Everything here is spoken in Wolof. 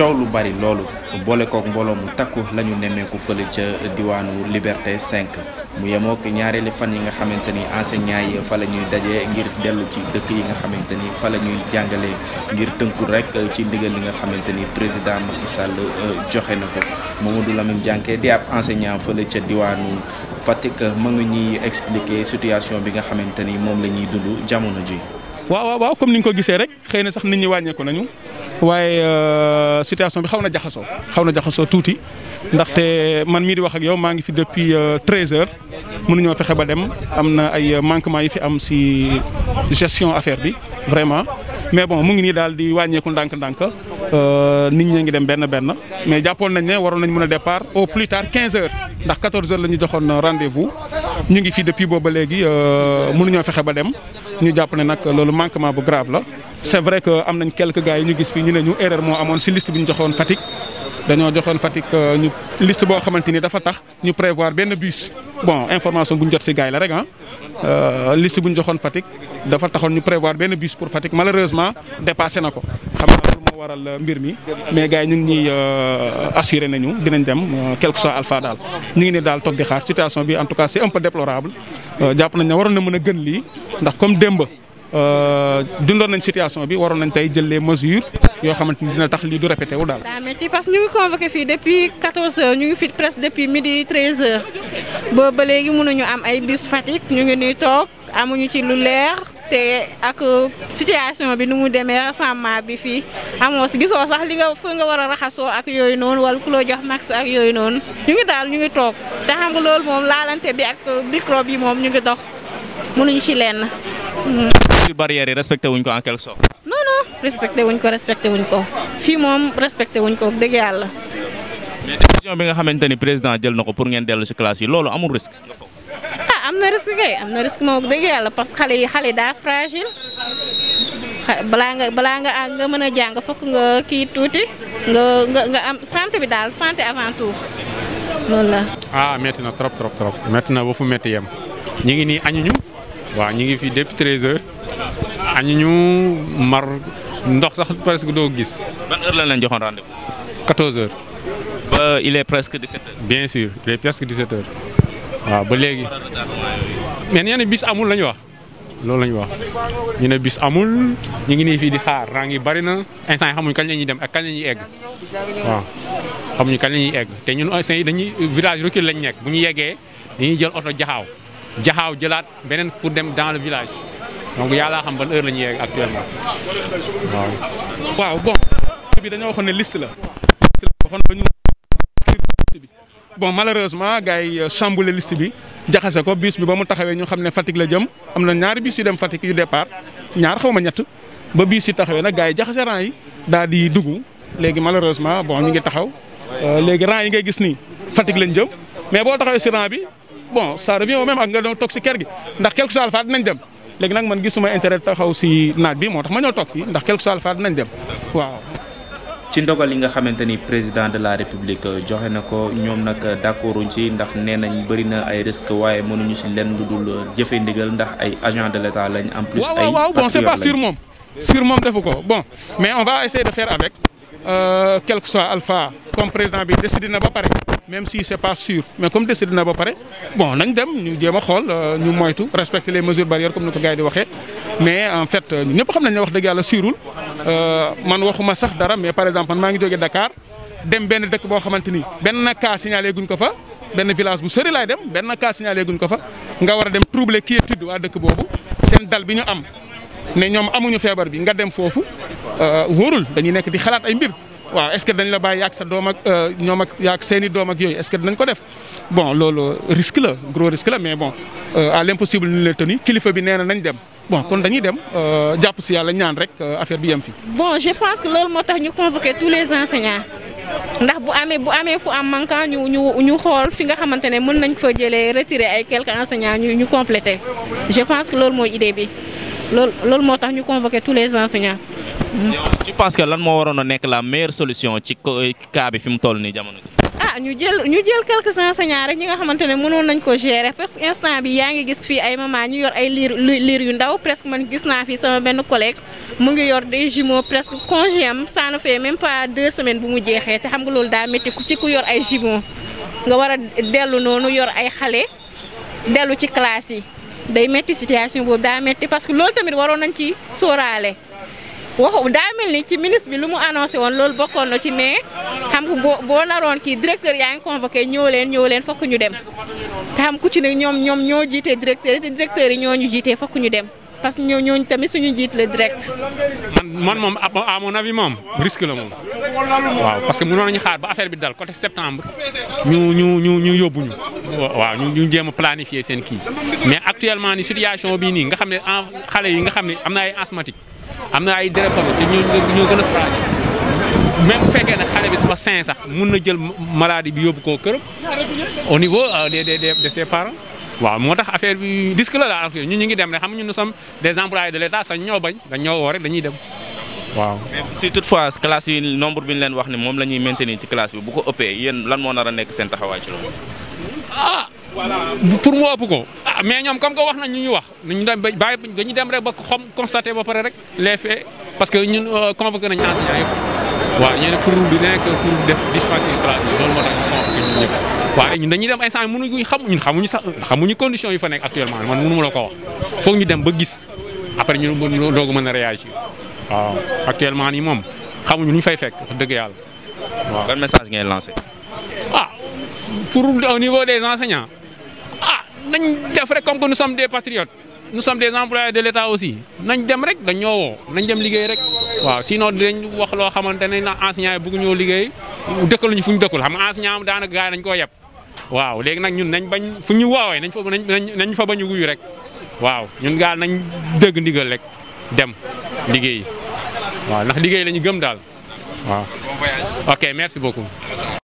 coow lu bari loolu boole kook mbooloo mu takku la ñu nemmeeku fële ca diwaanu Liberté cinq mu yemook ñaareelu fan yi nga xamante ni enseignants yi fa la ñuy daje ngir dellu ci dëkk yi nga xamante ni fa la ñuy jàngalee ngir tënku rek ci ndigal li nga xamante ni président Macky Sall euh, joxe na ko Mamadou Lamine Dianké di ab enseignant fële ca diwaanu Fatick mën nga ñuy expliquer situation bi nga xamante ni moom la ñuy dund jamono ji. waaw waaw comme ni nga ko gisee rek xëy na sax nit ñi wàññeeku nañu waaye euh, situation bi xaw na jaxasoo xaw na jaxasoo tuuti ndaxte man mii di wax ak yow maa ngi fi depuis euh, treize heures mënuñoo fexe ba dem am na ay euh, manquement yi fi am si gestion affaire bi vraiment mais bon mu ngi nii daal di wàññeeku ndànk-ndànk. Euh, nit ñi ngi dem benn benn mais jàppoon nañ ne waroon nañ mun a départ au plus tard 15 heures ndax 14 heures la ñu joxoon rendez-vous ñu ngi fii depuis booba léegi euh, mënuñoo fexe ba dem ñu jàpp ne nag loolu manquement bu grave la. c'est vrai que am nañ quelques gars yi ñu gis fii ñu ne ñu erreur moo amoon ci liste bi ñu joxoon Fatick dañoo joxoon Fatick euh, ñu liste boo xamante ni dafa tax ñu prévoir benn bus bon information bu ñu jot si gars la rek ah liste bu ñu joxoon Fatick dafa taxoon ñu prévoir benn bus pour Fatick malheureusement dépassé na ko xam waral euh, mbir mi mais gars yi ñu ngi ñuy euh, assuré nañu dinañ dem euh, quelque soit alpha daal ñu ngi ne daal toog di xaar situation bi en tout cas c'est un peu déplorable jàpp nañ ne mën a gën lii ndax comme démb dundoon nañ situation bi waroon nañ tey jël les yoo xamante dina tax lii du répété daal. daa ñu ngi convoqué fii depuis 14h ñu ngi fi presque depuis midi 13h boobu ba léegi mënuñu am ay bis Fatick ñu ngi nuy toog amuñu te ak situation bi nu mu demee rassemblement bi fii amoo si gisoo sax li nga fu nga war a raxasoo ak yooyu noonu wala ku la jox max ak yooyu noonu ñu ngi daal ñu ngi toog te xam nga loolu moom laalante bi ak microbe yi moom ñu ngi dox mënuñ ci lenn. barrières yi respecté wuñ ko en quelque sorte. non non respecté wuñ ko respecté wuñ ko fii moom respecté wuñ ko dégg yàlla. mais bi nga xamante ni président jël na ko pour ngeen dellu ci classe yi loolu amul risque. am na risque kay am na risque moom dëgg yàlla parce que xale yi xale daa fragile balaa nga balaa nga nga mën a jàng fokk nga kii tuuti nga nga nga am santé bi daal santé avant tout loolu ah métti na trop trop trop métti na ba fu métti yem ñu ngi nii añuñu waaw ñu ngi fi depuis 13 heures añuñu mar ndox sax presque doo gis. ban lañ leen joxoon rendez il est presque 17 heures. bien sûr heures. waaw ba léegi mais nee na bis amul la wax loolu la wax ñu ne bis amul ñu ngi nii fii di xaar rang ngi bari na instant yi xamuñ kañ la ñuy dem ak kañ la ñuy egg waaw xamuñu kañ la egg te ñun instant yi dañuy village recul lañ nekk bu ñu yeggee dañuy jël oto jaxaaw jaxaaw jëlaat beneen pour dem dans le village donc yàlla xam ban heure lañu ñuy yegg actuellement waaw. waaw bon dañoo waxoon ne la. bi. bon malheureusement gars yi euh, chamboulé liste bi jaxase ko biis bi ba mu taxawee ñu xam ne Fatick la jëm am na ñaari bus yu dem Fatick yu départ ñaar xaw ma ñett ba bus yi taxawee nag gars yi jaxase rang yi daal di dugg léegi malheureusement bon ñu ngi taxaw euh, léegi rang yi ngay gis nii Fatick lañ jëm mais boo taxawee si rang bi bon ça revient au même ak nga doon toog si kër gi ndax quelque soit alpha nañ dem léegi nag man gisuma intérêt taxaw si naaj bi moo tax ma ñoo toog fii ndax quelque soit alpha dinañ dem ci ndogal yi nga xamante ni président de la république euh, joxe na ko ñoom nag euh, d'accorduñ ci ndax nee nañ bëri na ay risque waaye mënuñu si lenn lu dul euh, jëfe ndigal ndax ay agent de l'état lañ en plus ay waaw waaw pas sûr moom sûr moom defu ko bon mais on va essayer de faire avec Euh, quel que soit alpha comme président bi décidé na ba pare même si c'est pas sûr mais comme décidé ba pare bon nañ dem ñu jéem a xool euh, ñu moytu respecter les mesures barrières comme ni ko gars di waxee mais en fait euh, ñu ñëpp xam nañ wax dëgg yàlla suurul man waxuma sax dara mais par exemple maa ngi jógee Dakar dem benn dëkk boo xamante ni benn cas signalé guñ ko fa benn village bu sori laay dem benn cas ko fa nga war a dem troubler quiétude waa dëkk boobu seen dal bi ñu am ne ñoom amuñu feebar bi nga dem foofu Euh, wóorul dañuy nekk di xalaat ay mbir waaw est-ce que dañ la bàyyi yàgg sa doom ak euh, ñoom ak yàgg seeni doom ak yooyu est-ce que dinañ ko def bon loolu risque la gros risque la mais bon euh, à l'impossible ni la tenu kilifa bi nee nañ dem bon kon dañuy dem jàpp si yàlla ñaan rek affaire bi yem fi bon je pense que loolu moo tax ñu convoquer tous les enseignants ndax bu amee bu amee ñu ñu fi nga xamante ne mën nañ fa jëlee retirer ay quelques enseignants ñu ñu compléter je pense que loolu mooy idée bi loolu loolu moo tax ñu convoquer tous les enseignants yow tu que lan moo waroon a nekk la meilleure solution ci cas bi fi mu toll nii jamono ji. ah ñu jël ñu jël quelques enseignants rek ñi nga xamante ne mënoon nañ ko gérer parce que instant bi yaa ngi gis fii ay maman ñu yor ay liir liir yu ndaw presque man gis naa fii sama benn collègue mu ngi yor des jumeaux presque congé am ça ne fait même pas deux semaines bu mu jeexee te xam nga loolu daa métti ku ci ku yor ay jumeaux nga war a dellu noonu yor ay xale dellu ci classe yi day métti situation boobu daa métti parce que loolu tamit waroon nañ ci sóoraale. waxu daa mel ni ci ministre bi lu mu annoncé woon loolu bokkoon na ci mais xam nga boo boo naroon kii directeur yaa ngi convoqué ñëw leen ñëw leen fokk ñu dem te xam ku ci ne ñoom ñoom ñoo jiitee directeur yi te ñoo ñu jiitee fokk ñu dem parce que ñoo ñooñu tamit suñu jiit la direct. man man moom amoon mon avis moom risque la moom waaw parce que mënoon ñu xaar ba affaire bi dal côté septembre ñu ñu ñu ñu yóbbu ñu waaw ñu ñu jéem a planifier seen kii mais actuellement ni situation bi nii nga xam ne en xale yi nga xam ne am na ay am na ay dérèglement te ñoo ñoo gën a fragile même bu fekkee ne xale bi dafa sain sax mun na jël maladie bi yóbbu koo këram au niveau euh, des de ses parents. waaw moo tax affaire bi risque la daal ñun ñu ngi dem rek xam ñun nous sommes des employés de l'État sax ñoo bañ dañ ñoo woo rek dañuy dem waaw. mais si fois classe yi nombre bi ñu leen wax ne moom la ñuy maintenir ci classe bi bu ko ëppee yéen lan moo nar a nekk seen taxawaay ci loolu. ah pour mu ëpp ko. mais ñoom comme que wax nañ ñu ñu wax ñu dem bàyyi dañu dem rek ba xom constaté ba pare rek les faits parce que ñun euh, convoqué nañu enseignants ñu ne def dispatcher classe yi ñu dem instant mënuñu xam xamuñu sax xamuñu condition yi fa nekk actuellement man mënu ma la ko wax foog ñu dem ba gis après ñu mën doog mën a réagir waaw actuellement nii moom xamuñu lu ñu fay fekk wax dëgg yàlla waaw. ban message ngay lancé. ah pour au niveau des enseignants. nañ def rek des patriotes nous sommes des employés de l'État nañ dem rek dañ ñoo nañ dem liggéey rek waaw sinon dinañ wax loo xamante ne na enseignant yi bëgg ñoo liggéey dëkkaluñu fu ñu dëkkul xam nga enseignant daan gars yi dañ koo yeb waaw léegi nag ñun nañ bañ fu ñu woowee nañ fa nañ fa bañ a wuyu rek waaw ñun gaal nañ dégg ndigal rek dem liggéey waaw ndax liggéey lañu ñu gëm daal waaw ok merci beaucoup